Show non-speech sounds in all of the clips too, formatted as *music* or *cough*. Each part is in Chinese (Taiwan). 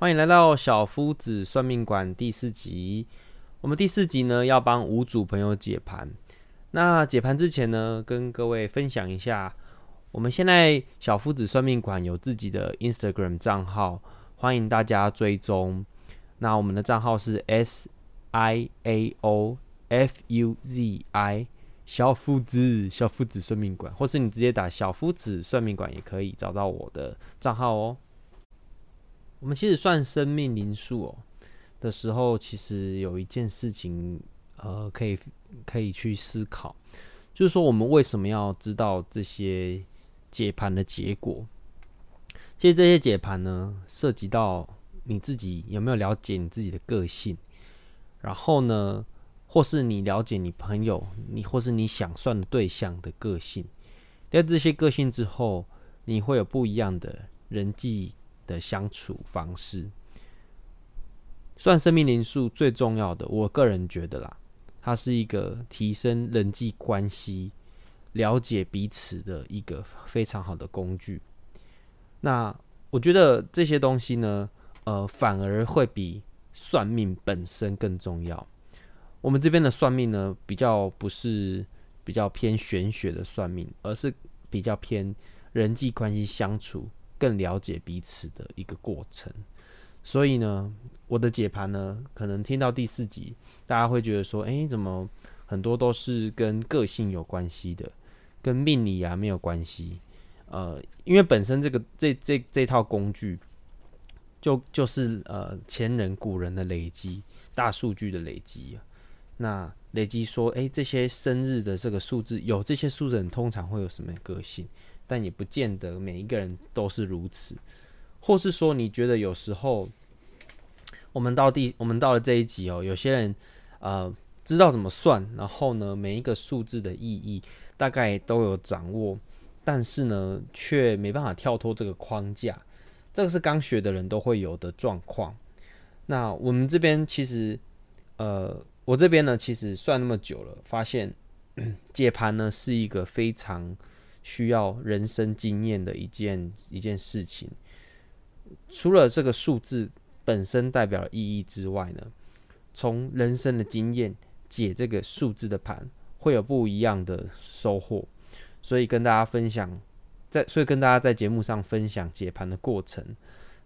歡迎來到小夫子算命館第四集。我們第四集呢，要幫五組朋友解盤。那解盤之前呢，跟各位分享一下，我們現在小夫子算命館有自己的 Instagram 賬號，歡迎大家追蹤。那我們的賬號是 SIAOFUZI，小夫子，小夫子算命館，或是你直接打小夫子算命館也可以找到我的賬號哦。我們其實算生命靈數喔的時候，其實有一件事情，呃，可以可以去思考，就是說我們為什麼要知道這些解盤的結果？其實這些解盤呢，涉及到你自己有沒有了解你自己的個性，然後呢，或是你了解你朋友，你或是你想算的對象的個性，在這些個性之後，你會有不一樣的人際的相處方式，算生命靈數最重要的，我個人覺得啦，它是一個提升人際關係、了解彼此的一個非常好的工具。那我覺得這些東西呢，呃，反而會比算命本身更重要。我們這邊的算命呢，比較不是比較偏玄學的算命，而是比較偏人際關係相處，更了解彼此的一個過程，所以呢，我的解盤呢，可能聽到第四集，大家會覺得說，誒，怎麼很多都是跟個性有關係的，跟命理啊沒有關係？呃，因為本身這個這這這這套工具，就就是呃前人古人的累積，大數據的累積啊，那累積說，誒，這些生日的這個數字，有這些數字，通常會有什麼個性？但也不見得每一個人都是如此，或是說，你覺得有時候我們到第我們到了這一集哦、喔，有些人呃知道怎麼算，然後呢，每一個數字的意義大概都有掌握，但是呢，卻沒辦法跳脫這個框架，這個是剛學的人都會有的狀況。那我們這邊其實，呃，我這邊呢，其實算那麼久了，發現解盤呢是一個非常，需要人生經驗的一件一件事情，除了這個數字本身代表的意義之外呢，從人生的經驗解這個數字的盤，會有不一樣的收穫。所以跟大家分享，在，所以跟大家在節目上分享解盤的過程，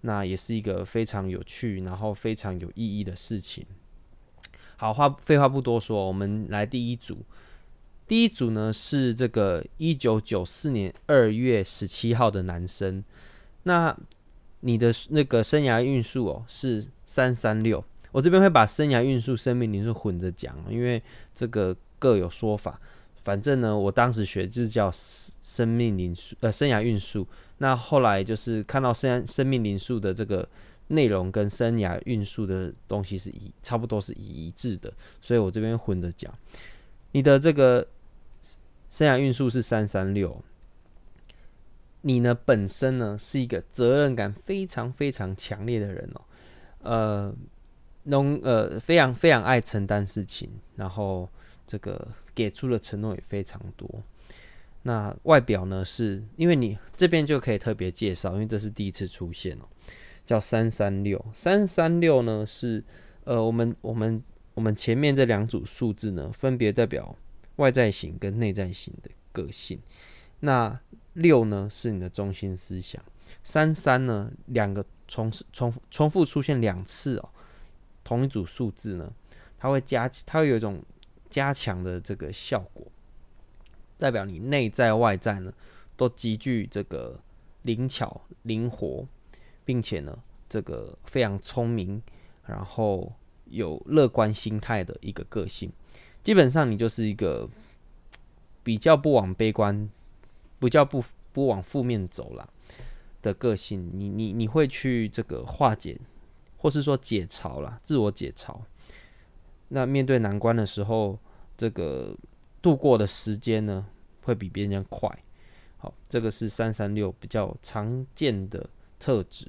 那也是一個非常有趣，然後非常有意義的事情。好，話，廢話不多說，我們來第一組。第一組呢是這個一九九四年二月十七號的男生，那你的那個生涯運數哦是三三六，我這邊會把生涯運數、生命靈數混着講，因為這個各有說法。反正呢，我當時學就叫生命靈數呃生涯運數，那後來就是看到生生命靈數的這個內容跟生涯運數的東西是一差不多是一致的，所以我這邊混着講。你的這個生涯運數是三三六，你呢本身呢是一個責任感非常非常強烈的人哦、喔，呃，能，呃非常非常愛承擔事情，然後這個給出的承諾也非常多。那外表呢是，因為你這邊就可以特別介紹，因為這是第一次出現哦、喔，叫三三六三三六呢是呃我們我們。我們我們前面這兩組數字呢，分別代表外在型跟內在型的個性。那六呢，是你的中心思想。三三呢，兩個重重重複，重複出現兩次哦，同一組數字呢，它會加，它會有一種加強的這個效果，代表你內在外在呢，都極具這個靈巧、靈活，並且呢，這個非常聰明，然後。有樂觀心態的一個個性，基本上你就是一個比較不往悲觀，不叫不不往負面走啦的個性。你你你會去這個化解，或是說解嘲啦，自我解嘲。那面對難關的時候，這個度過的時間呢，會比別人要快。好，這個是三三六比較常見的特質。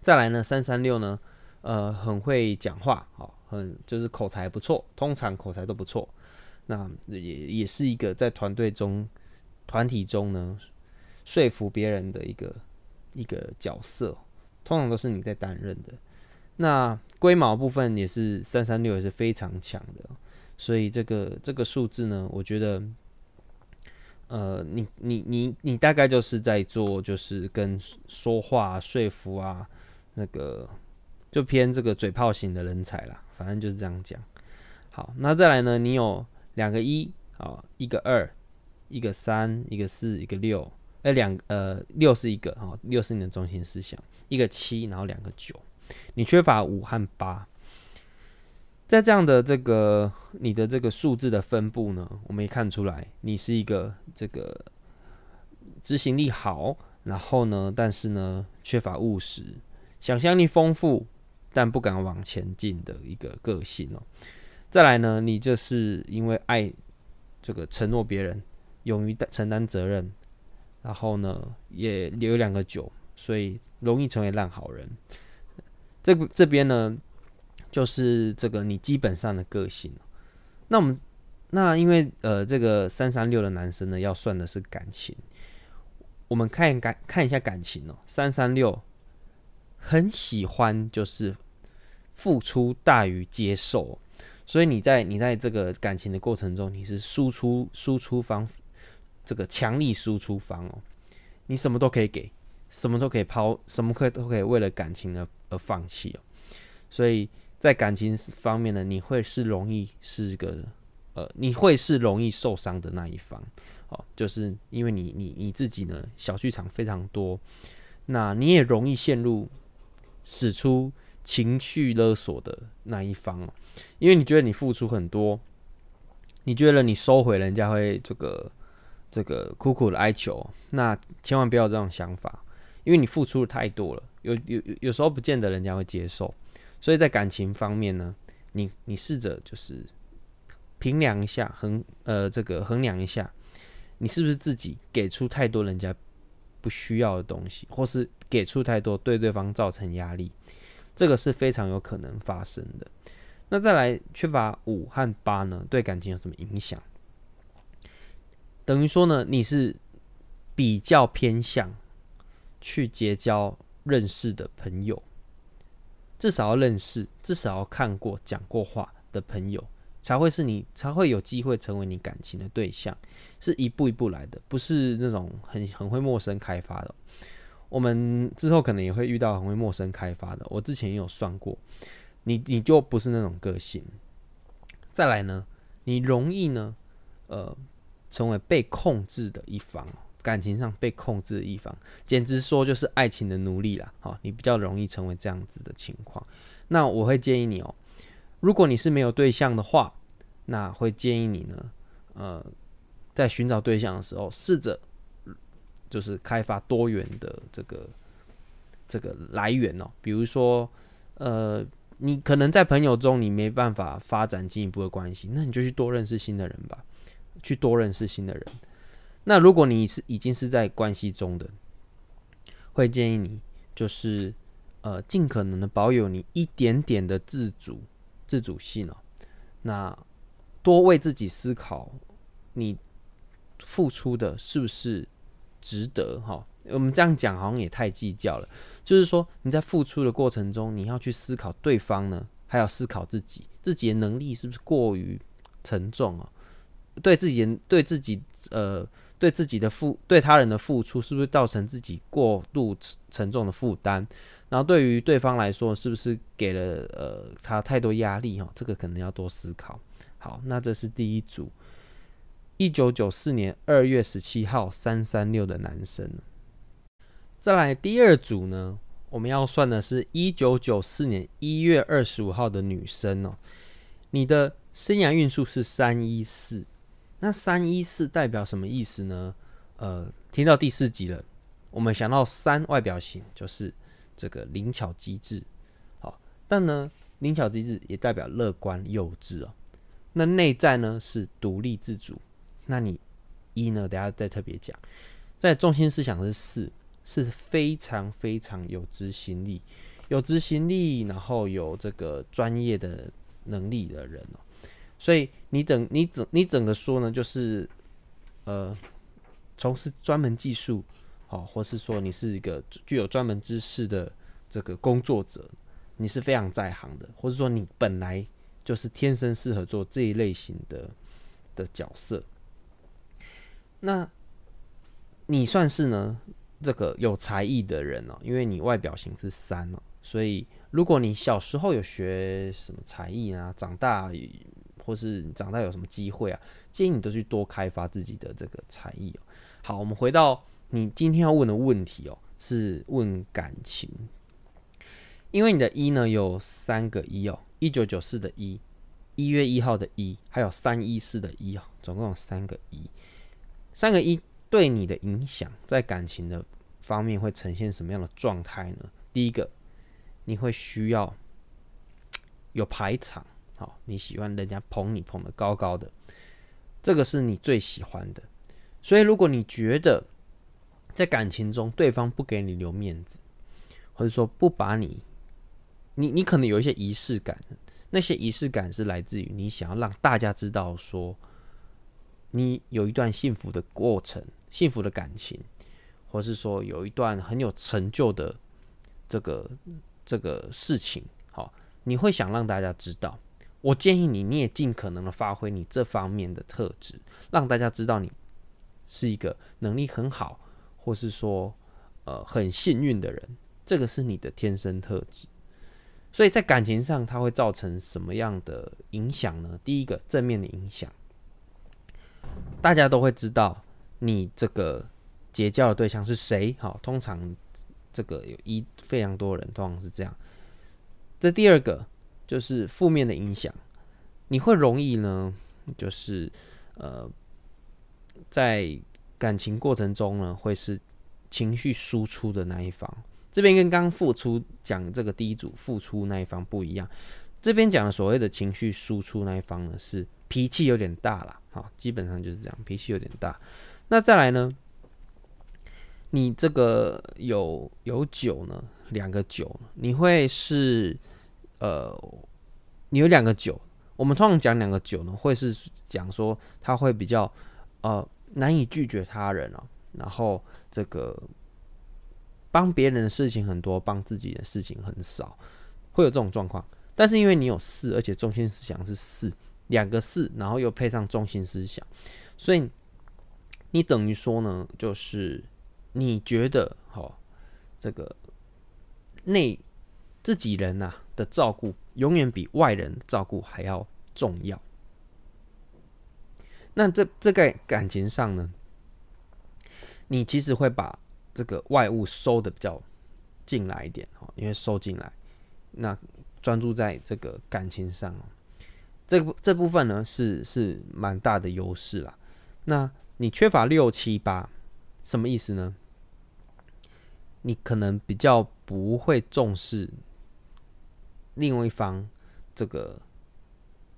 再來呢，三三六呢。呃，很會講話，哦，很就是口才不錯，通常口才都不錯。那也也是一個在團隊中、團體中呢，說服別人的一個一個角色，通常都是你在擔任的。那龜毛的部分也是三三六，也是非常強的。所以這個這個數字呢，我覺得，呃，你你你你大概就是在做，就是跟說話說服啊，那個。就偏這個嘴炮型的人才啦，反正就是這樣講。好，那再來呢？你有兩個一啊，一個二，一個三，一個四，一個六、欸。那兩呃六是一個哈，六是你的中心思想。一個七，然後兩個九。你缺乏五和八。在這樣的這個你的這個數字的分布呢，我們也看出來。你是一個這個執行力好，然後呢，但是呢缺乏務實，想象力豐富。但不敢往前進的一個個性哦。再來呢，你就是因為愛這個承諾別人，勇於承擔責任，然後呢也留兩個酒，所以容易成為爛好人。這這邊呢，就是這個你基本上的個性。那我們那因為呃，這個三三六的男生呢，要算的是感情。我們看感看，看一下感情哦，三三六。很喜歡就是付出大於接受，所以你在你在這個感情的過程中，你是輸出輸出方，這個強力輸出方哦，你什麼都可以給，什麼都可以拋，什麼可以都可以為了感情而而放棄哦。所以在感情方面呢，你會是容易是個呃，你會是容易受傷的那一方哦，就是因為你你你自己呢小劇場非常多，那你也容易陷入。使出情緒勒索的那一方啊，因為你覺得你付出很多，你覺得你收回人家會這個這個苦苦的哀求，那千萬不要這種想法，因為你付出的太多了，有有有有時候不見得人家會接受，所以在感情方面呢，你你試着就是平量一下，衡呃這個衡量一下，你是不是自己給出太多人家不需要的東西，或是給出太多，對對方造成壓力，這個是非常有可能發生的。那再來，缺乏五和八呢，對感情有什麼影響？等於說呢，你是比較偏向去結交認識的朋友，至少要認識，至少要看過、講過話的朋友。才會是你才會有機會成為你感情的對象，是一步一步來的，不是那種很很會陌生開發的。我們之後可能也會遇到很會陌生開發的。我之前也有算過，你你就不是那種個性。再來呢，你容易呢，呃，成為被控制的一方，感情上被控制的一方，簡直說就是愛情的奴隸啦。哈、哦，你比較容易成為這樣子的情況。那我會建議你哦。如果你是沒有對象的話，那會建議你呢，呃，在尋找對象的時候，試着就是開發多元的這個這個來源哦。比如說，呃，你可能在朋友中你沒辦法發展進一步的關係，那你就去多認識新的人吧，去多認識新的人。那如果你是已經是在關係中的，會建議你就是呃，盡可能的保有你一點點的自主。自主性哦，那多為自己思考，你付出的是不是值得哦？哈，我們這樣講好像也太計較了。就是說，你在付出的過程中，你要去思考對方呢，還要思考自己，自己的能力是不是過於沉重啊？對自己的、對自己、呃、對自己的付、對他人的付出，是不是造成自己過度沉重的負擔？然後對於對方來說，是不是給了呃他太多壓力哈哦？這個可能要多思考。好，那這是第一組，一九九四年二月十七號三三六的男生。再來第二組呢，我們要算的是一九九四年一月二十五號的女生哦。你的生涯運數是三一四，那三一四代表什麼意思呢？呃，聽到第四集了，我們想到三外表型就是。這個靈巧機智，好、哦，但呢，靈巧機智也代表樂觀幼稚哦、喔。那內在呢是獨立自主。那你一呢，等下再特別講。在重心思想是四，是非常非常有執行力，有執行力，然後有這個專業的能力的人喔。所以你整，你整你整個說呢，就是呃，從事專門技術。哦，或是說你是一個具有專門知識的這個工作者，你是非常在行的，或是說你本來就是天生適合做這一類型的的角色。那你算是呢這個有才藝的人哦，因為你外表型是三哦，所以如果你小時候有學什麼才藝啊，長大或是長大有什麼機會啊，建議你都去多開發自己的這個才藝哦。好，我們回到。你今天要問的問題哦、喔，是問感情，因為你的“一”呢有三個“一”哦，一九九四的“一”，一月一號的“一”，還有三一四的“一”哦，總共有三個“一”，三個“一”對你的影響在感情的方面會呈現什麼樣的狀態呢？第一個，你會需要有排場，好，你喜歡人家捧你捧得高高的，這個是你最喜歡的，所以如果你覺得在感情中，對方不給你留面子，或者說不把你，你你可能有一些儀式感，那些儀式感是來自於你想要讓大家知道說，你有一段幸福的過程，幸福的感情，或是說有一段很有成就的這個這個事情，好，你會想讓大家知道。我建議你，你也盡可能的發揮你這方面的特質，讓大家知道你是一個能力很好。或是說，呃，很幸運的人，這個是你的天生特質，所以在感情上它會造成什麼樣的影響呢？第一個，正面的影響，大家都會知道你這個結交的對象是誰？好、哦，通常這個有一非常多人通常是這樣。這第二個就是負面的影響，你會容易呢，就是呃，在。感情過程中呢，會是情緒輸出的那一方，這邊跟剛剛付出講這個第一組付出那一方不一樣，這邊講的所謂的情緒輸出那一方呢，是脾氣有點大了，好，基本上就是這樣，脾氣有點大。那再來呢，你這個有有九呢，兩個九，你會是呃，你有兩個九，我們通常講兩個九呢，會是講說他會比較呃。難以拒絕他人哦，然後這個幫別人的事情很多，幫自己的事情很少，會有這種狀況。但是因為你有四，而且中心思想是四，兩個四，然後又配上中心思想，所以你等於說呢，就是你覺得哦，這個內自己人吶、啊、的照顧永遠比外人照顧還要重要。那這這個感情上呢，你其實會把這個外物收的比較進來一點哦，因為收進來，那專注在這個感情上哦，這個、這部分呢是是蠻大的優勢啦。那你缺乏六七八，什麼意思呢？你可能比較不會重視另外一方這個，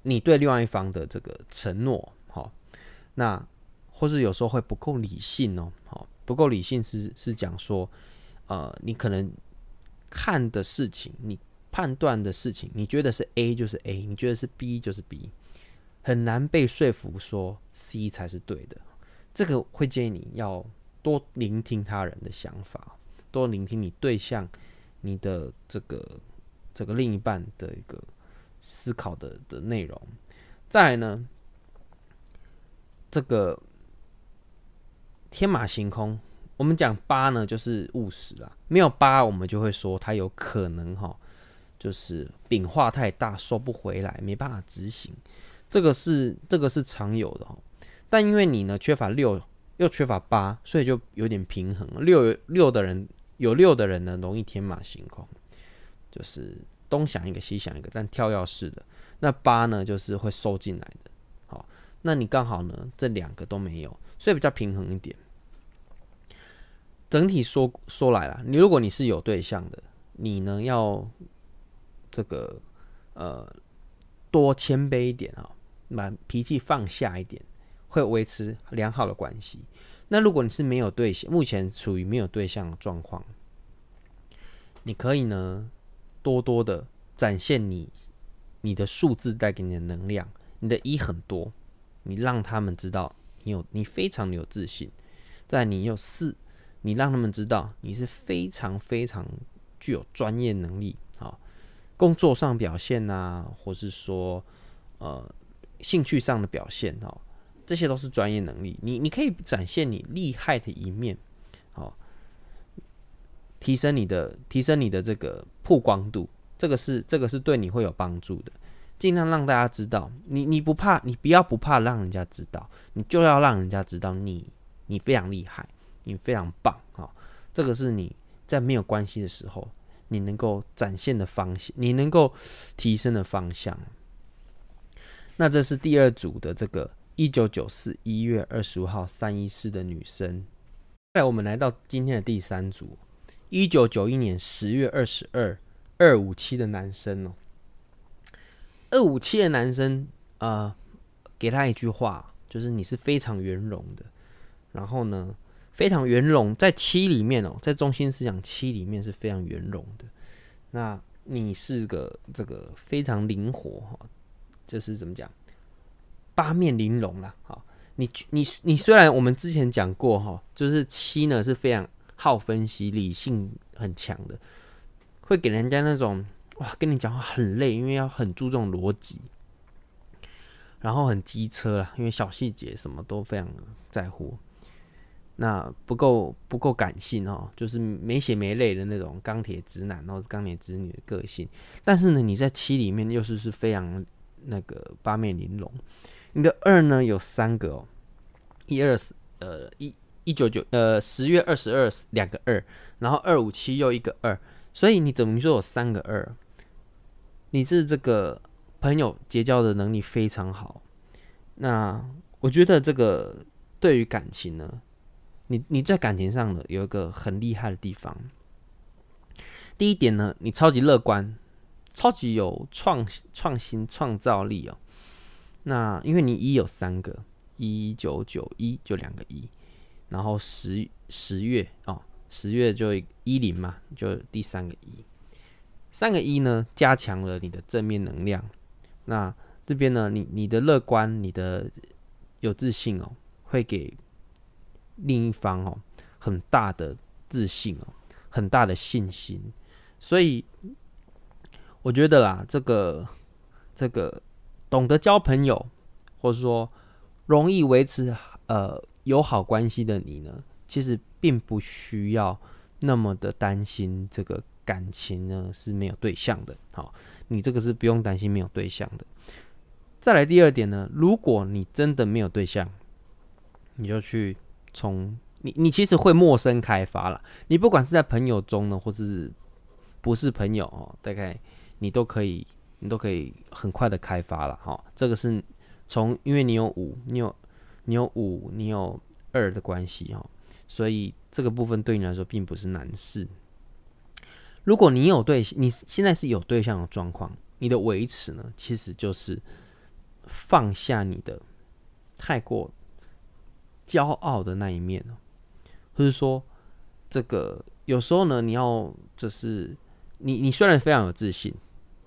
你對另外一方的這個承諾。那，或是有時候會不夠理性哦，好，不夠理性是是講說，呃，你可能看的事情，你判斷的事情，你覺得是 A 就是 A，你覺得是 B 就是 B，很難被說服說 C 才是對的。這個會建議你要多聆聽他人的想法，多聆聽你對象、你的這個這個另一半的一個思考的的內容。再來呢？這個天馬行空，我們講八呢，就是務實了。沒有八，我們就會說它，有可能哈、哦，就是餅畫太大，收不回來，沒辦法執行。這個是這個是常有的、哦、但因為你呢缺乏六，又缺乏八，所以就有點平衡。六六的人有六的人呢，容易天馬行空，就是東想一個西想一個，但跳躍式的。那八呢，就是會收進來的。那你剛好呢，這兩個都沒有，所以比較平衡一點。整體說說來啦，你如果你是有對象的，你呢要這個呃多謙卑一點啊、喔，把脾氣放下一點，會維持良好的關係。那如果你是沒有對象，目前處於沒有對象的狀況，你可以呢多多的展現你你的數字帶給你的能量，你的一很多。你讓他們知道你有你非常的有自信，在你有四，你讓他們知道你是非常非常具有專業能力啊，工作上表現吶、啊，或是說呃興趣上的表現哦，這些都是專業能力，你你可以展現你厲害的一面，哦。提升你的提升你的這個曝光度，這個是這個是對你會有幫助的。盡量讓大家知道你，你不怕，你不要不怕，讓人家知道，你就要讓人家知道你，你非常厲害，你非常棒，哦，這個是你在沒有關係的時候，你能夠展現的方向，你能夠提升的方向。那這是第二組的這個一九九四一月二十五號三一四的女生。再來我們來到今天的第三組，一九九一年十月二十二二五七的男生哦。二五七的男生，呃，給他一句話，就是你是非常圓融的，然後呢，非常圓融，在七裡面哦，在中心思想七裡面是非常圓融的。那你是個這個非常靈活哈，就是怎麼講，八面玲瓏啦。好。你你你雖然我們之前講過哈，就是七呢是非常好分析、理性很強的，會給人家那種。哇，跟你講話很累，因為要很注重邏輯，然後很機車啦，因為小細節什麼都非常在乎。那不夠不夠感性哦，就是沒血沒淚的那種鋼鐵直男或鋼鐵直女的個性。但是呢，你在七裡面又是是非常那個八面玲瓏。你的二呢有三個哦，一二四呃一一九九呃十月二十二兩個二，然後二五七又一個二，所以你等於說有三個二。你是這個朋友結交的能力非常好，那我覺得這個對於感情呢，你你在感情上呢，有一個很厲害的地方。第一點呢，你超級樂觀，超級有創創新創造力哦。那因為你一有三個一九九一就兩個一，然後十十月哦，十月就一零嘛，就第三個一。三個一呢，加強了你的正面能量。那這邊呢，你你的樂觀，你的有自信哦，會給另一方哦很大的自信哦，很大的信心。所以我覺得啊，這個這個懂得交朋友，或者說容易維持呃友好關係的你呢，其實並不需要那麼的擔心這個。感情呢是沒有對象的，好、哦，你這個是不用擔心沒有對象的。再來第二點呢，如果你真的沒有對象，你就去從你你其實會陌生開發了，你不管是在朋友中呢，或是不是朋友哦，大概你都可以，你都可以很快的開發了，哈、哦，這個是從因為你有五，你有，你有五，你有二的關係哈、哦，所以這個部分對你來說並不是難事。如果你有對，你現在是有對象的狀況，你的維持呢，其實就是放下你的太過驕傲的那一面哦，或是說，這個有時候呢，你要就是你，你雖然非常有自信，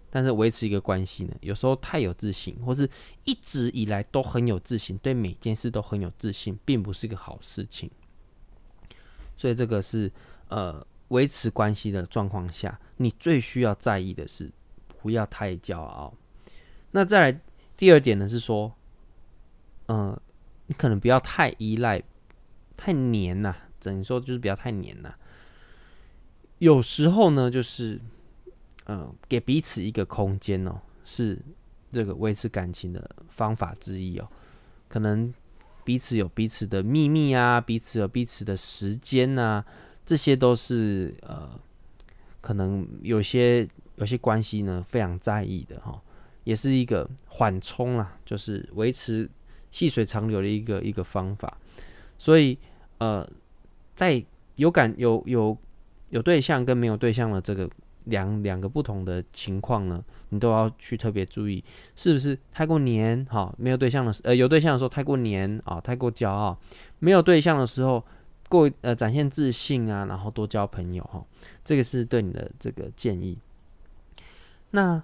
但是維持一個關係呢，有時候太有自信，或是一直以來都很有自信，對每件事都很有自信，並不是一個好事情，所以這個是呃。維持關係的狀況下，你最需要在意的是不要太驕傲。那再來第二點呢？是說，嗯、呃，你可能不要太依賴、太黏吶、啊。怎麼說？就是不要太黏吶、啊。有時候呢，就是嗯、呃，給彼此一個空間哦、喔，是這個維持感情的方法之一哦、喔。可能彼此有彼此的秘密啊，彼此有彼此的時間啊。這些都是呃，可能有些有些關係呢，非常在意的哈，也是一個緩衝啦，就是維持細水長流的一個一個方法。所以呃，在有感有有有對象跟沒有對象的這個兩兩個不同的情況呢，你都要去特別注意，是不是太過黏哈？沒有對象的時呃有對象的時候太過黏啊，太過驕傲；沒有對象的時候。多呃展現自信啊，然後多交朋友哦，這個是對你的這個建議。那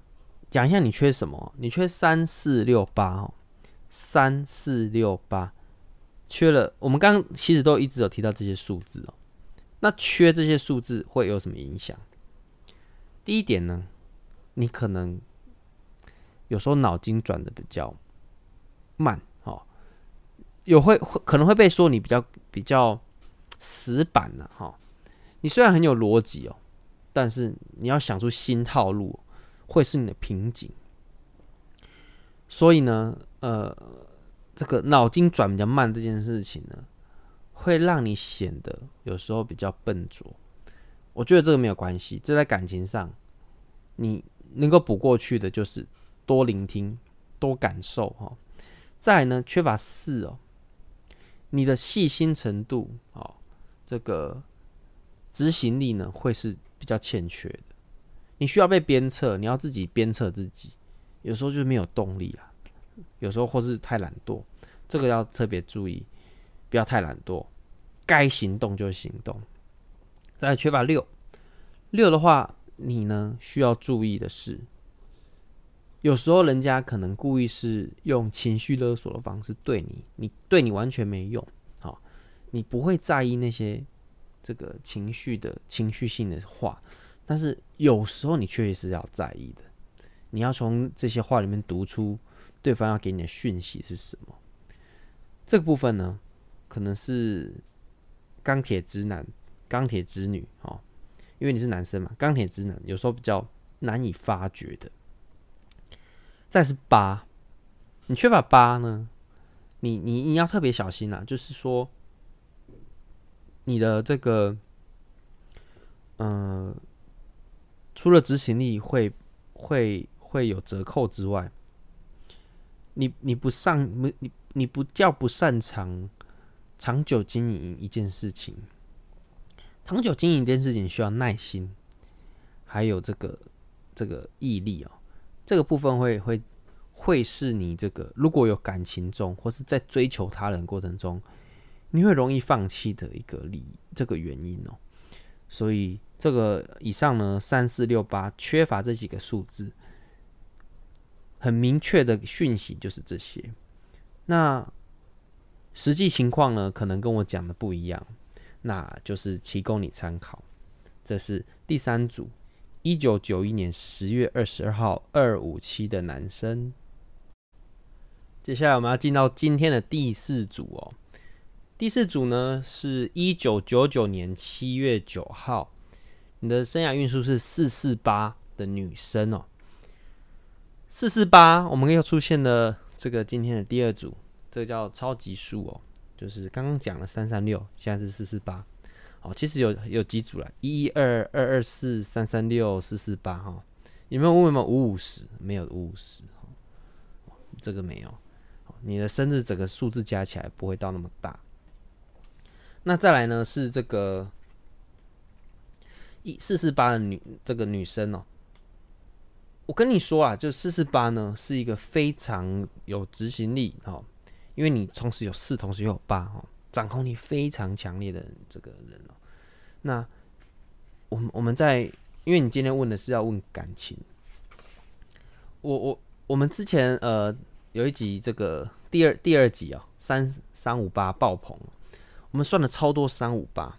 講一下你缺什麼？你缺三四六八哦，三四六八缺了。我們剛剛其實都一直有提到這些數字哦。那缺這些數字會有什麼影響？第一點呢，你可能有時候腦筋轉的比較慢哦，有會會可能會被說你比較比較。死板了、啊、哈、哦，你雖然很有邏輯哦，但是你要想出新套路會是你的瓶頸。所以呢，呃，這個腦筋轉比較慢這件事情呢，會讓你顯得有時候比較笨拙。我覺得這個沒有關係，這在感情上你能夠補過去的，就是多聆聽、多感受哈、哦。再來呢，缺乏四哦，你的細心程度、哦這個執行力呢，會是比較欠缺的。你需要被鞭策，你要自己鞭策自己。有時候就是沒有動力了啊，有時候或是太懶惰，這個要特別注意，不要太懶惰，該行動就行動。再來缺乏六，六的話，你呢需要注意的是，有時候人家可能故意是用情緒勒索的方式對你，你對你完全沒用。你不會在意那些這個情緒的情緒性的話，但是有時候你確實是要在意的。你要從這些話裡面讀出對方要給你的訊息是什麼。這個部分呢，可能是鋼鐵直男、鋼鐵直女哦，因為你是男生嘛，鋼鐵直男有時候比較難以發覺的。再是八，你缺乏八呢？你你你要特別小心啊，就是說。你的這個，嗯、呃，除了執行力會會會有折扣之外，你你不上你你不叫不擅長長久經營一件事情，長久經營一件事情需要耐心，還有這個這個毅力哦、喔，這個部分會會會是你這個如果有感情中或是在追求他人的過程中。你會容易放棄的一個理這個原因哦，所以這個以上呢，三四六八缺乏這幾個數字，很明確的訊息就是這些。那實際情況呢，可能跟我講的不一樣，那就是提供你參考。這是第三組，一九九一年十月二十二號，二五七的男生。接下來我們要進到今天的第四組哦。第四組呢是一九九九年七月九號，你的生涯運數是四四八的女生哦，四四八，我們又出現了這個今天的第二組，這個叫超級數哦，就是剛剛講了三三六，現在是四四八，哦，其實有有幾組了，一一二二二四三三六四四八哈，你們問我們有五五十？沒有五五十，這個沒有，哦，你的生日整個數字加起來不會到那麼大。那再來呢是這個一四四八的女這個女生哦，我跟你說啊，就四四八呢是一個非常有執行力哦，因為你同時有四，同時又有八哦，掌控力非常強烈的人這個人哦。那我們我們在因為你今天問的是要問感情，我我我們之前呃有一集這個第二第二集哦三三五八爆棚。我們算了超多三五八。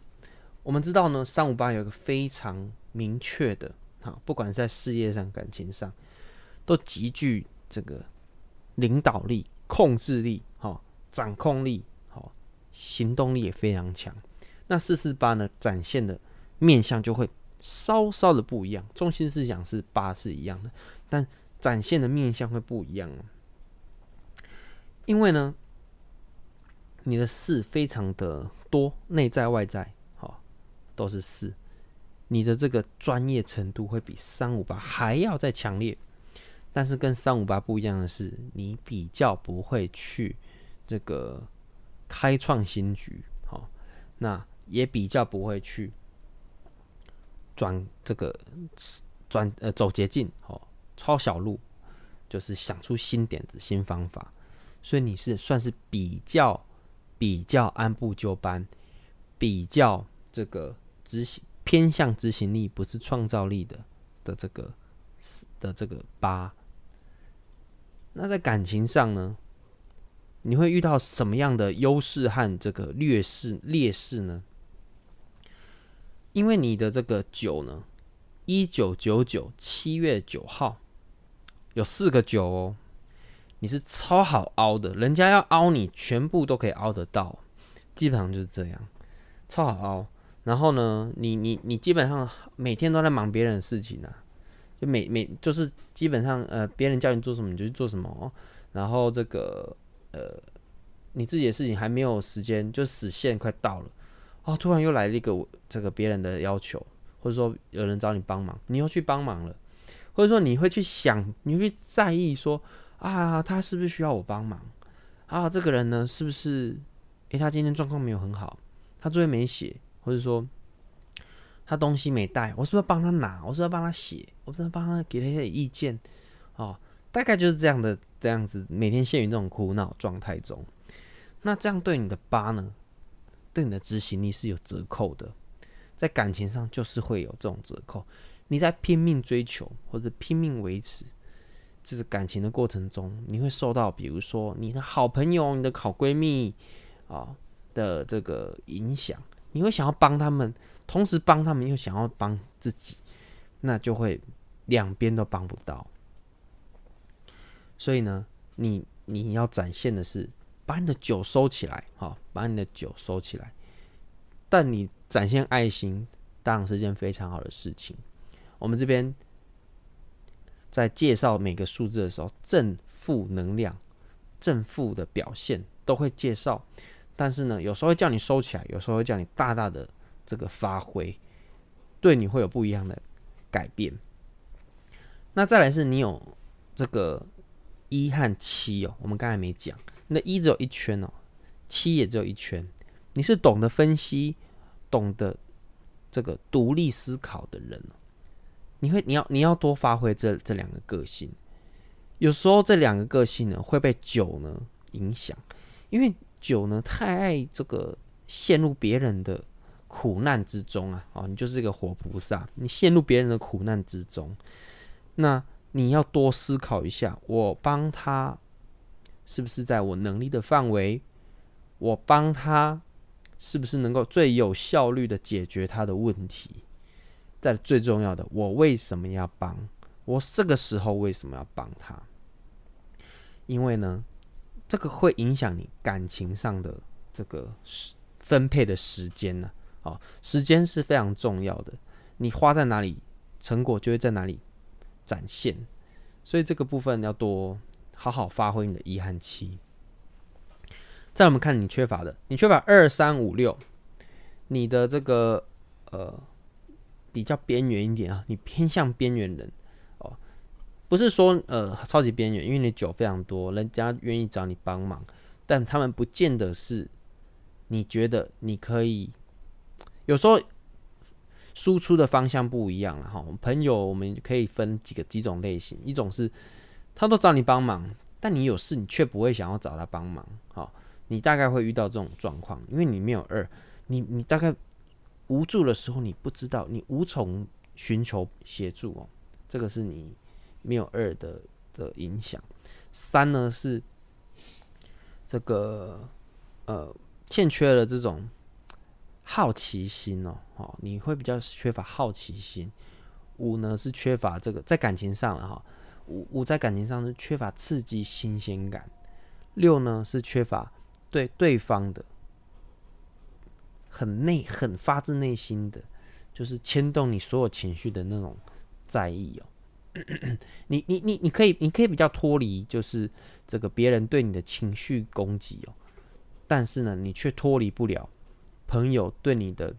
我們知道呢，三五八有一個非常明確的哈，不管在事業上、感情上，都極具這個領導力、控制力、哈、掌控力、好，行動力也非常強。那四四八呢，展現的面相就會稍稍的不一樣，中心思想是八是一樣的，但展現的面相會不一樣，因為呢。你的四非常的多，內在外在，哦，都是四。你的這個專業程度會比三五八還要再強烈，但是跟三五八不一樣的是，你比較不會去這個開創新局，哦，那也比較不會去轉這個轉呃走捷徑，好，哦，抄小路，就是想出新點子、新方法。所以你是算是比較。比較按部就班，比較這個執行偏向執行力，不是創造力的的這個的這個八。那在感情上呢，你會遇到什麼樣的優勢和這個劣勢劣勢呢？因為你的這個九呢，一九九九七月九號，有四個九哦。你是超好凹的，人家要凹你，全部都可以凹得到，基本上就是這樣，超好凹。然後呢，你你你基本上每天都在忙別人的事情呢、啊，就每每就是基本上呃，別人叫你做什麼你就去做什麼、哦。然後這個呃，你自己的事情還沒有時間，就死線快到了，哦，突然又來了一個這個別人的要求，或者說有人找你幫忙，你又去幫忙了，或者說你會去想，你會去在意說。啊，他是不是需要我幫忙？啊，這個人呢，是不是？哎，他今天狀況沒有很好，他作業沒寫，或者說他東西沒帶，我是不是要幫他拿？我是不是要幫他寫？我是不是幫他給他一些意見？哦，大概就是這樣的，這樣子，每天陷於這種苦惱狀態中。那這樣對你的八呢？對你的執行力是有折扣的，在感情上就是會有這種折扣。你在拼命追求或者拼命維持。就是感情的過程中，你會受到比如說你的好朋友、你的好閨蜜，啊、哦、的這個影響，你會想要幫他們，同時幫他們又想要幫自己，那就會兩邊都幫不到。所以呢，你你要展現的是把你的酒收起來，哈、哦，把你的酒收起來。但你展現愛心當然是件非常好的事情。我們這邊。在介紹每個數字的時候，正負能量、正負的表現都會介紹。但是呢，有時候會叫你收起來，有時候會叫你大大的這個發揮，對你會有不一樣的改變。那再來是你有這個一和七哦，我們剛才沒講，那一只有一圈哦，七也只有一圈。你是懂得分析、懂得這個獨立思考的人喔。你會，你要，你要多發揮這這兩個個性。有時候這兩個個性呢會被九呢影響，因為九呢太愛這個陷入別人的苦難之中啊！哦，你就是一個活菩薩，你陷入別人的苦難之中，那你要多思考一下，我幫他是不是在我能力的範圍？我幫他是不是能夠最有效率的解決他的問題？在最重要的，我為什麼要幫？我這個時候為什麼要幫他？因為呢，這個會影響你感情上的這個分配的時間呢。啊，哦、時間是非常重要的，你花在哪裡，成果就會在哪裡展現。所以這個部分要多好好發揮你的一和七。再我們看你缺乏的，你缺乏二三五六，你的這個呃。比較邊緣一點啊，你偏向邊緣人哦，不是說呃超級邊緣，因為你酒非常多，人家願意找你幫忙，但他們不見得是你覺得你可以，有時候輸出的方向不一樣了哈。哦，我們朋友，我們可以分幾個幾種類型，一種是他都找你幫忙，但你有事你卻不會想要找他幫忙，哦，你大概會遇到這種狀況，因為你沒有二，你你大概。無助的時候，你不知道，你無從尋求協助哦。這個是你沒有二的的影響。三呢是這個呃欠缺了這種好奇心哦，哦，你會比較缺乏好奇心。五呢是缺乏這個在感情上了哈、哦，五五在感情上是缺乏刺激新鮮感。六呢是缺乏對對方的。很內很發自內心的，就是牽動你所有情緒的那種在意哦、喔。 *coughs* 你你你你可以你可以比較脫離，就是這個別人對你的情緒攻擊哦、喔。但是呢，你卻脫離不了朋友對你的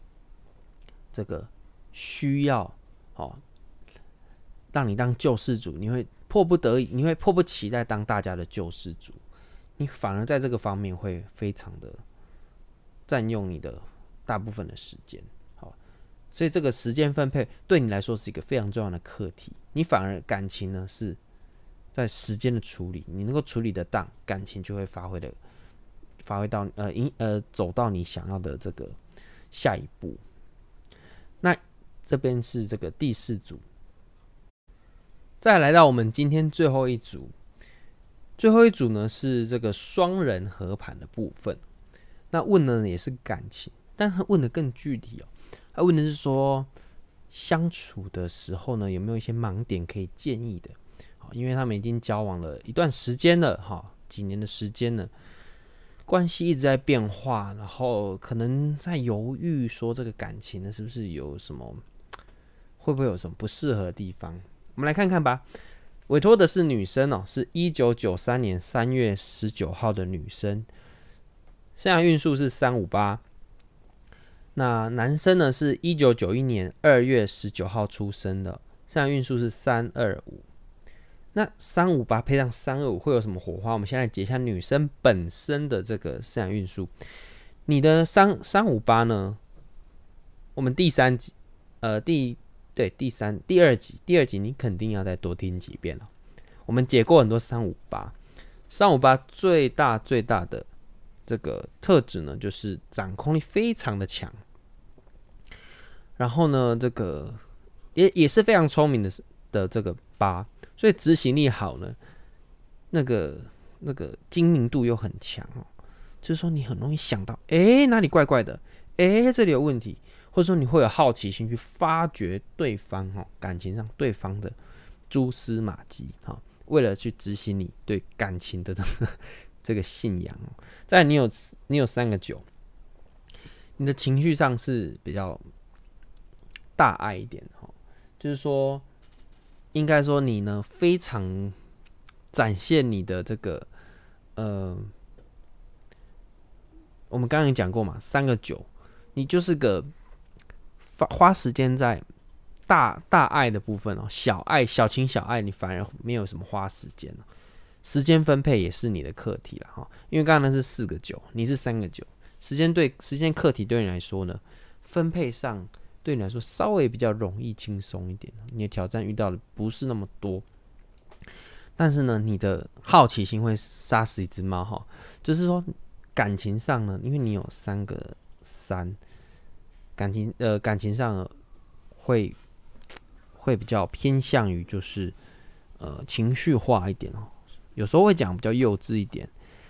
這個需要哦、喔，讓你當救世主，你會迫不得已，你會迫不及待當大家的救世主，你反而在這個方面會非常的佔用你的。大部分的時間，好，所以這個時間分配對你來說是一個非常重要的課題。你反而感情呢，是在時間的處理，你能夠處理得當，感情就會發揮的發揮到呃，應、呃，呃走到你想要的這個下一步。那這邊是這個第四組，再來到我們今天最後一組，最後一組呢是這個雙人合盤的部分。那問呢也是感情。但他問的更具體哦，他問的是說相處的時候呢，有沒有一些盲點可以建議的？哦，因為他們已經交往了一段時間了，哈，幾年的時間了，關係一直在變化，然後可能在猶豫說這個感情呢是不是有什麼，會不會有什麼不適合的地方？我們來看看吧。委托的是女生哦，是一九九三年三月十九號的女生，現在運數是三五八。那男生呢？是一九九一年二月十九號出生的，生肖運數是三二五。那三五八配上三二五會有什麼火花？我們先來解一下女生本身的這個生肖運數。你的三三五八呢？我們第三集，呃，第對，第三第二集，第二集你肯定要再多聽幾遍了。我們解過很多三五八，三五八最大最大的。這個特質呢，就是掌控力非常的強，然後呢，這個也也是非常聰明的的這個八，所以執行力好呢，那個那個精明度又很強哦，就是說你很容易想到，哎，哪裡怪怪的，哎，這裡有問題，或者說你會有好奇心去發掘對方哦，感情上對方的蛛絲馬跡，哦，為了去執行你對感情的這個。呵呵這個信仰，在你有你有三個九，你的情緒上是比較大愛一點哦，就是說，應該說你呢非常展現你的這個呃，我們剛剛也講過嘛，三個九，你就是個花花時間在大大愛的部分哦、喔，小愛小情小愛，你反而沒有什麼花時間時間分配也是你的課題了哈，因為剛剛那是四個九，你是三個九，時間對時間課題對你來說呢，分配上對你來說稍微比較容易輕鬆一點，你的挑戰遇到的不是那麼多，但是呢，你的好奇心會殺死一隻貓哈，就是說感情上呢，因為你有三個三，感情，呃，感情上會會比較偏向於就是，呃，情緒化一點哦。有時候會講比較幼稚一點，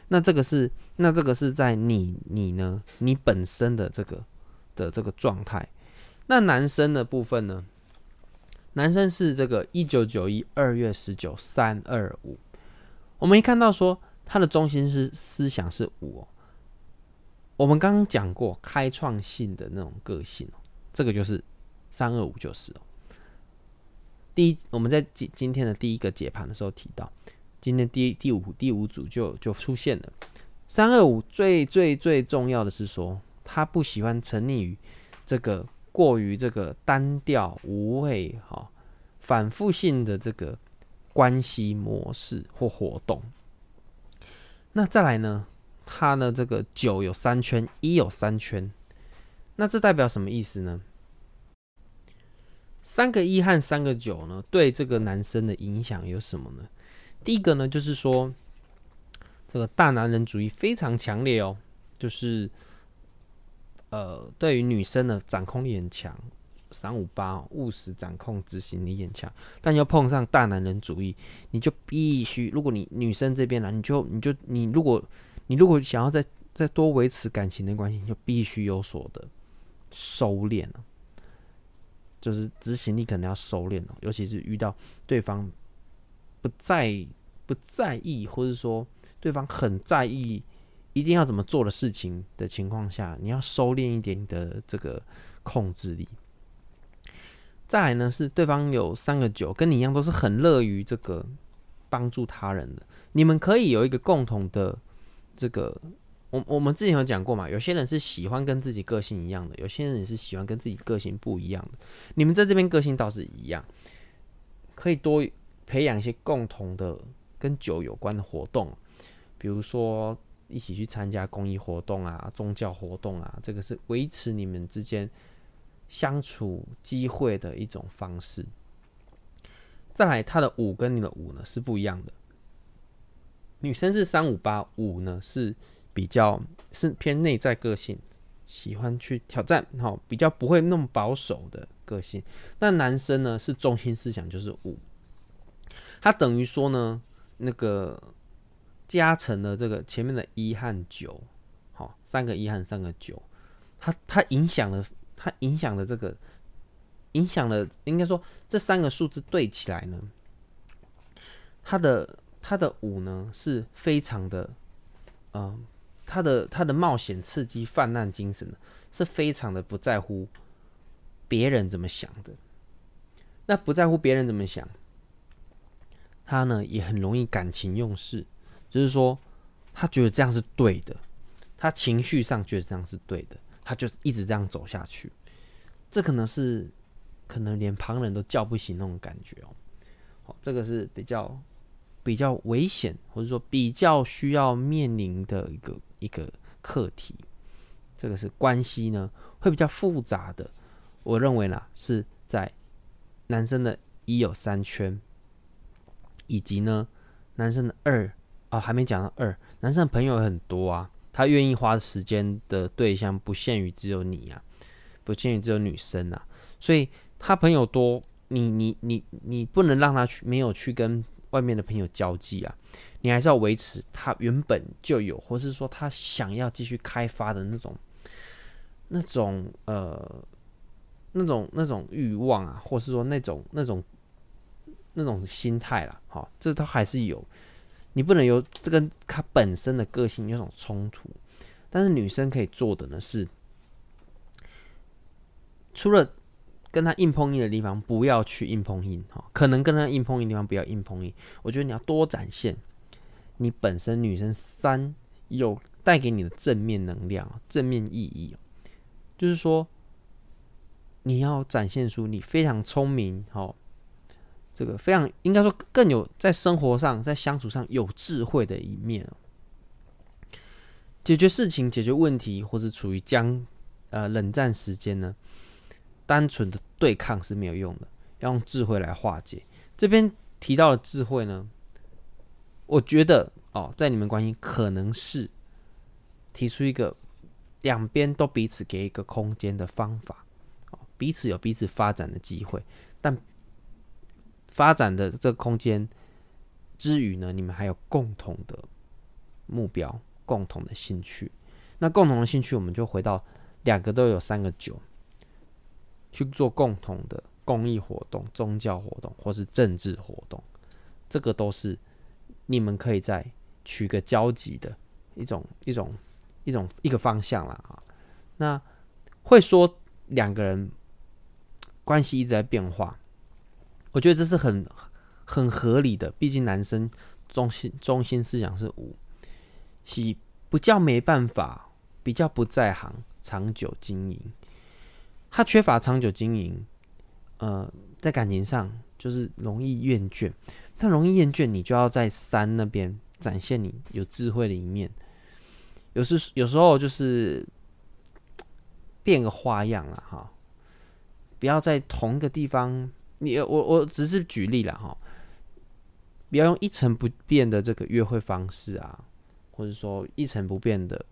那這個是那這個是在你你呢，你本身的這個的這個狀態，那男生的部分呢，男生是這個一九九一二月十九三二五，我們一看到說他的中心是思想是我，我們剛剛講過開創性的那種個性，這個就是三二五，就是第一我們在今今天的第一個解盤的時候提到。今天第第五第五組就就出現了三二五，最最最重要的是說，他不喜歡沉溺於這個過於這個單調無味哈，反覆性的這個關係模式或活動。那再來呢，他的這個九有三圈，一有三圈，那這代表什麼意思呢？三個一和三個九呢，對這個男生的影響有什麼呢？第一個呢，就是說，這個大男人主義非常強烈哦，就是，呃，對於女生的掌控力很強，三五八務實掌控執行力很強，但要碰上大男人主義，你就必須，如果你女生這邊來，你就你就你如果你如果想要再再多維持感情的關係，你就必須有所的收斂，就是執行力可能要收斂哦，尤其是遇到對方。不在不在意，或者說對方很在意，一定要怎麼做的事情的情況下，你要收斂一點你的這個控制力。再來呢，是對方有三個九，跟你一樣都是很樂於這個幫助他人的。你們可以有一個共同的這個，我我們之前有講過嘛，有些人是喜歡跟自己個性一樣的，有些人也是喜歡跟自己個性不一樣的。你們在這邊個性倒是一樣，可以多。培養一些共同的跟九有關的活動，比如說一起去參加公益活動啊、宗教活動啊，這個是維持你們之間相處機會的一種方式。再來，他的五跟你的五呢是不一樣的。女生是三五八五呢，是比較是偏內在個性，喜歡去挑戰，好，比較不會那麼保守的個性。那男生呢是中心思想就是五。他等於說呢，那個加成了這個前面的一和九，好，三個一和三個九，他他影響了，他影響了這個，影響了，應該說這三個數字對起來呢，他的他的五呢是非常的，嗯、呃，他的他的冒險刺激泛濫精神是非常的不在乎別人怎麼想的，那不在乎別人怎麼想。他呢也很容易感情用事，就是說，他覺得這樣是對的，他情緒上覺得這樣是對的，他就一直這樣走下去，這可能是可能連旁人都叫不醒那種感覺哦。好，這個是比較比較危險，或者說比較需要面臨的一個一個課題。這個是關係呢會比較複雜的，我認為呢是在男生的一有三圈，以及呢，男生的二啊、哦，還沒講到二，男生的朋友很多啊，他願意花時間的對象不限於只有你啊，不限於只有女生啊，所以他朋友多，你你你你不能讓他去沒有去跟外面的朋友交際啊，你還是要維持他原本就有，或是說他想要繼續開發的那種、那種呃、那種、那種欲望啊，或是說那種、那種。那種心態啦，好、哦，這都還是有，你不能有這個他本身的個性有種衝突。但是女生可以做的呢是，除了跟他硬碰硬的地方，不要去硬碰硬哈、哦。可能跟他硬碰硬的地方不要硬碰硬，我覺得你要多展現你本身女生三有帶給你的正面能量、正面意義，就是說你要展現出你非常聰明，好、哦。這個非常應該說更有在生活上、在相處上有智慧的一面哦，解決事情、解決問題，或是處於僵呃冷戰時間呢，單純的對抗是沒有用的，要用智慧來化解。這邊提到的智慧呢，我覺得哦，在你們關係可能是提出一個兩邊都彼此給一個空間的方法，哦，彼此有彼此發展的機會，但，發展的這個空間之餘呢，你們還有共同的目標、共同的興趣。那共同的興趣，我們就回到兩個都有三個九，去做共同的公益活動、宗教活動或是政治活動，這個都是你們可以再取個交集的一種、一種、一種、一種一個方向啦。啊。那會說兩個人關係一直在變化。我覺得這是很很合理的。畢竟男生中心中心思想是五，是比較沒辦法，比較不在行，長久經營，他缺乏長久經營，呃，在感情上就是容易厭倦，他容易厭倦，你就要在三那邊展現你有智慧的一面，有時有時候就是變個花樣了哈，不要在同一個地方。你我我只是舉例了哈，不要用一成不變的這個約會方式啊，或者說一成不變的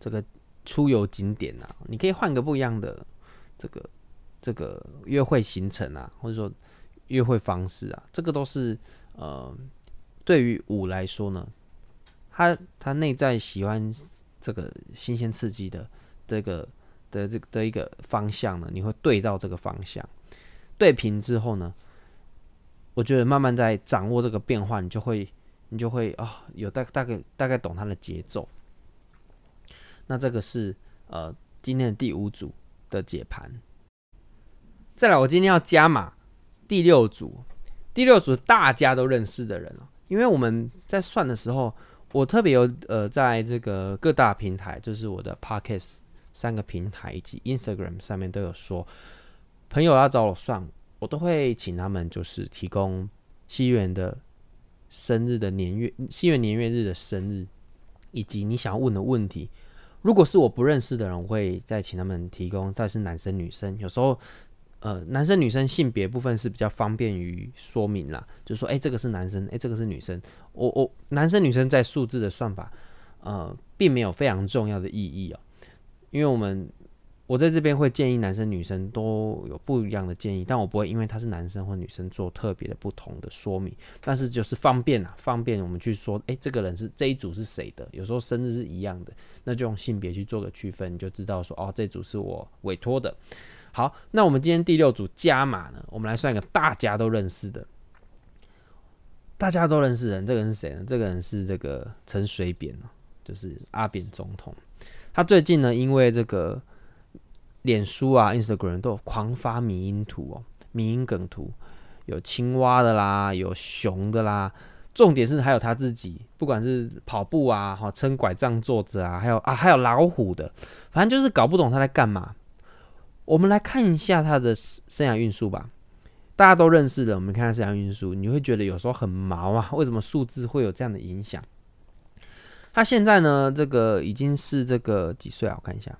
這個出遊景點啊，你可以換個不一樣的這個這個約會行程啊，或者說約會方式啊，這個都是呃，對於五來說呢，他他內在喜歡這個新鮮刺激的這個的這個的一個方向呢，你會對到這個方向。對平之後呢，我覺得慢慢在掌握這個變化，你就會，你就會啊、哦，有大大概大概懂它的節奏。那這個是呃今天的第五組的解盤。再來，我今天要加碼第六組，第六組大家都認識的人，因為我們在算的時候，我特別有呃在這個各大平台，就是我的 Podcast 三個平台以及 Instagram 上面都有說。朋友要、啊、找我算，我都會請他們就是提供西元的生日的年月，西元年月日的生日，以及你想要問的問題。如果是我不認識的人，我會再請他們提供。再是男生女生，有時候呃，男生女生性別部分是比較方便於說明啦，就是、說誒、欸，這個是男生，誒、欸，這個是女生。我、哦、我、哦、男生女生在數字的算法，呃，並沒有非常重要的意義哦，因為我們。我在這邊會建議男生女生都有不一樣的建議，但我不會因為他是男生或女生做特別的不同的說明。但是就是方便啊，方便我們去說，誒、欸，這個人是這一組是誰的？有時候生日是一樣的，那就用性別去做個區分，就知道說哦，這組是我委託的。好，那我們今天第六組加碼呢，我們來算一個大家都認識的，大家都認識人，這個人是誰呢？這個人是這個陳水扁，就是阿扁總統。他最近呢，因為這個。臉書啊，Instagram 都有狂發迷因圖哦，迷因梗圖，有青蛙的啦，有熊的啦，重點是還有他自己，不管是跑步啊，好撐拐杖坐着啊，還有啊，還有老虎的，反正就是搞不懂他在幹嘛。我們來看一下他的生涯運數吧，大家都認識的。我們看他生涯運數，你會覺得有時候很毛啊，為什麼數字會有這樣的影響？他現在呢，這個已經是這個幾歲啊？我看一下。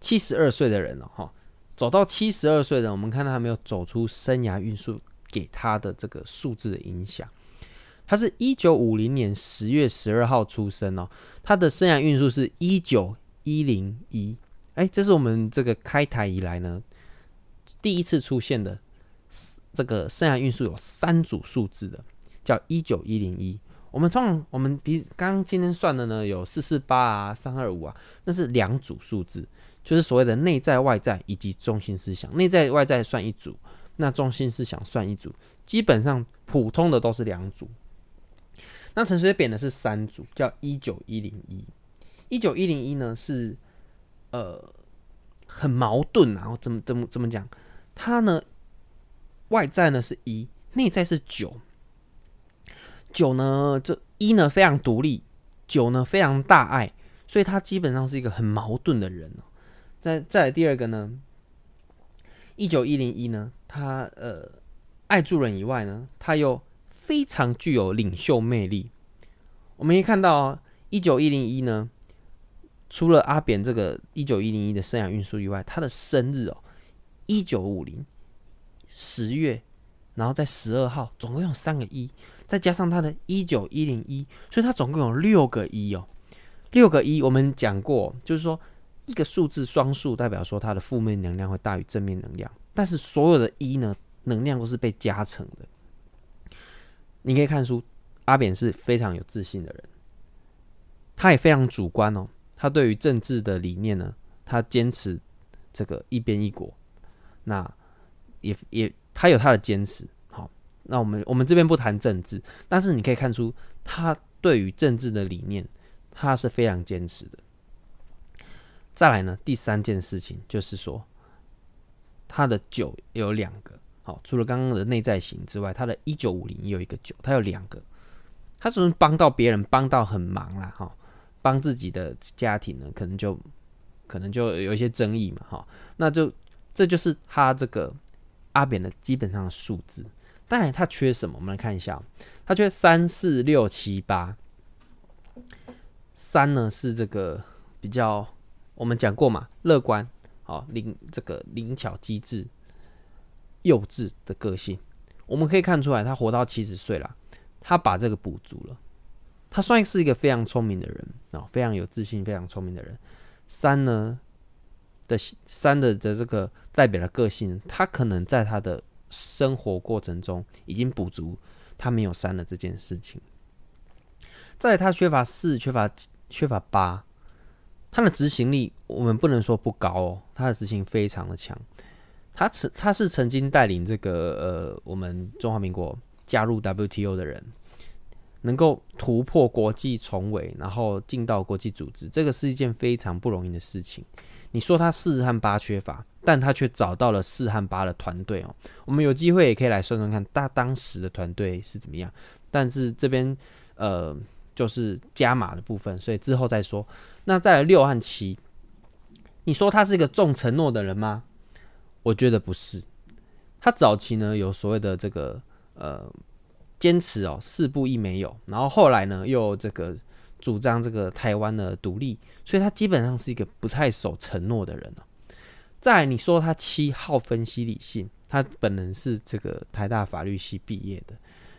七十二歲的人了、喔、哈，走到七十二歲了，我們看到他沒有走出生涯運數給他的這個數字的影響。他是一九五零年十月十二號出生哦、喔，他的生涯運數是一九一零一，哎，這是我們這個開台以來呢第一次出現的這個生涯運數有三組數字的，叫一九一零一。我們通常我們比剛剛今天算的呢有四四八啊、三二五啊，那是兩組數字。就是所謂的內在外在以及中心思想，內在外在算一組，那中心思想算一組，基本上普通的都是兩組，那陳水扁的是三組，叫一九一零一，一九一零一呢是，呃，很矛盾，然後怎麼怎麼怎麼講，他呢外在呢是一，內在是九，九呢這一呢非常獨立，九呢非常大愛，所以他基本上是一個很矛盾的人哦。再再來第二個呢，一九一零一呢，他呃，愛助人以外呢，他又非常具有領袖魅力。我們可以看到哦，一九一零一呢，除了阿扁這個一九一零一的生涯運數以外，他的生日哦，一九五零十月，然後在十二號，總共有三個一，再加上他的一九一零一，所以他總共有六個一哦，六個一，我們講過，就是說。一個數字雙數代表說它的負面能量會大於正面能量，但是所有的一呢，能量都是被加成的。你可以看出阿扁是非常有自信的人，他也非常主觀哦。他對於政治的理念呢，他堅持這個一邊一國，那也也他有他的堅持。好，那我們我們這邊不談政治，但是你可以看出他對於政治的理念，他是非常堅持的。再來呢？第三件事情就是說，他的九有兩個。好，除了剛剛的內在型之外，他的一九五零也有一個九，他有兩個。他只能幫到別人，幫到很忙啦、啊，哈。幫自己的家庭呢，可能就可能就有一些爭議嘛哈。那就這就是他這個阿扁的基本上的數字。當然，他缺什麼？我們來看一下喔，他缺三四六七八。三呢是這個比較。我們講過嘛，樂觀，好、哦、靈這個靈巧機智，幼稚的個性，我們可以看出來，他活到七十歲了，他把這個補足了，他算是一個非常聰明的人啊、哦，非常有自信、非常聰明的人。三呢的三的的這個代表的個性，他可能在他的生活過程中已經補足，他沒有三的這件事情。再來，他缺乏四，缺乏缺乏八。他的執行力，我們不能說不高哦，他的執行非常的強。他曾他是曾經帶領這個呃，我們中華民國加入 WTO 的人，能夠突破國際重圍，然後進到國際組織，這個是一件非常不容易的事情。你說他四和八缺乏，但他卻找到了四和八的團隊哦。我們有機會也可以來算算看，他當時的團隊是怎麼樣。但是這邊呃，就是加碼的部分，所以之後再說。那在六和七，你說他是一個重承諾的人嗎？我覺得不是。他早期呢有所謂的這個呃堅持哦，四不一沒有，然後後來呢又這個主張這個台灣的獨立，所以他基本上是一個不太守承諾的人哦。再來你說他七號，分析理性，他本人是這個台大法律系畢業的，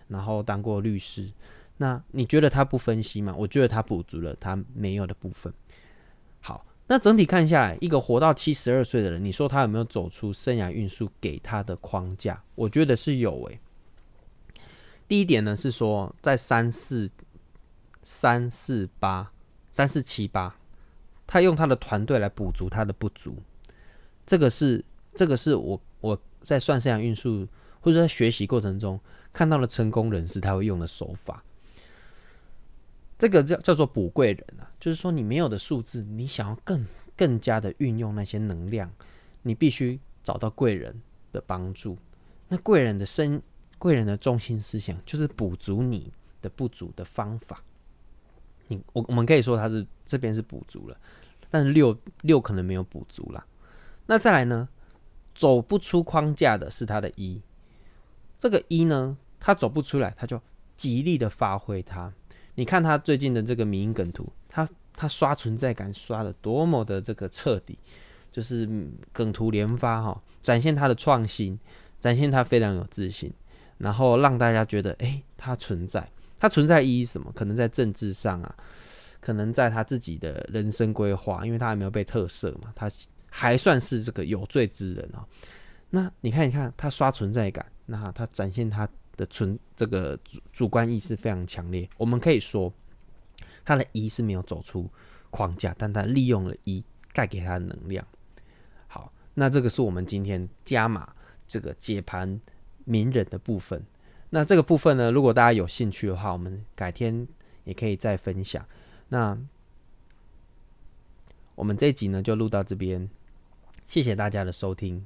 然後當過律師。那你覺得他不分析嗎？我覺得他補足了他沒有的部分。那整體看下來，一個活到七十二歲的人，你說他有沒有走出生涯運數給他的框架？我覺得是有誒。第一點呢是說，在三四三四八三四七八，他用他的團隊來補足他的不足，這個是這個是我我在算生涯運數或者在學習過程中看到了成功人士他會用的手法。這個叫叫做補貴人啊，就是說你沒有的數字，你想要更更加的運用那些能量，你必須找到貴人的幫助。那貴人的身，貴人的中心思想就是補足你的不足的方法。你我我們可以說它是這邊是補足了，但是六六可能沒有補足啦。那再來呢，走不出框架的是它的一，這個一呢，它走不出來，它就極力的發揮它。你看他最近的這個迷因梗圖，他他刷存在感刷的多麼的這個徹底，就是梗圖連發哈、喔，展現他的創新，展現他非常有自信，然後讓大家覺得誒、欸，他存在，他存在意義什麼？可能在政治上啊，可能在他自己的人生規劃，因為他還沒有被特赦嘛，他還算是這個有罪之人啊、喔。那你看，你看他刷存在感，那他展現他，的這個主主觀意識非常強烈，我們可以說，他的一、e、是沒有走出框架，但他利用了一、e、帶給他的能量。好，那這個是我們今天加碼這個解盤名人的部分。那這個部分呢，如果大家有興趣的話，我們改天也可以再分享。那我們這一集呢就錄到這邊，謝謝大家的收聽。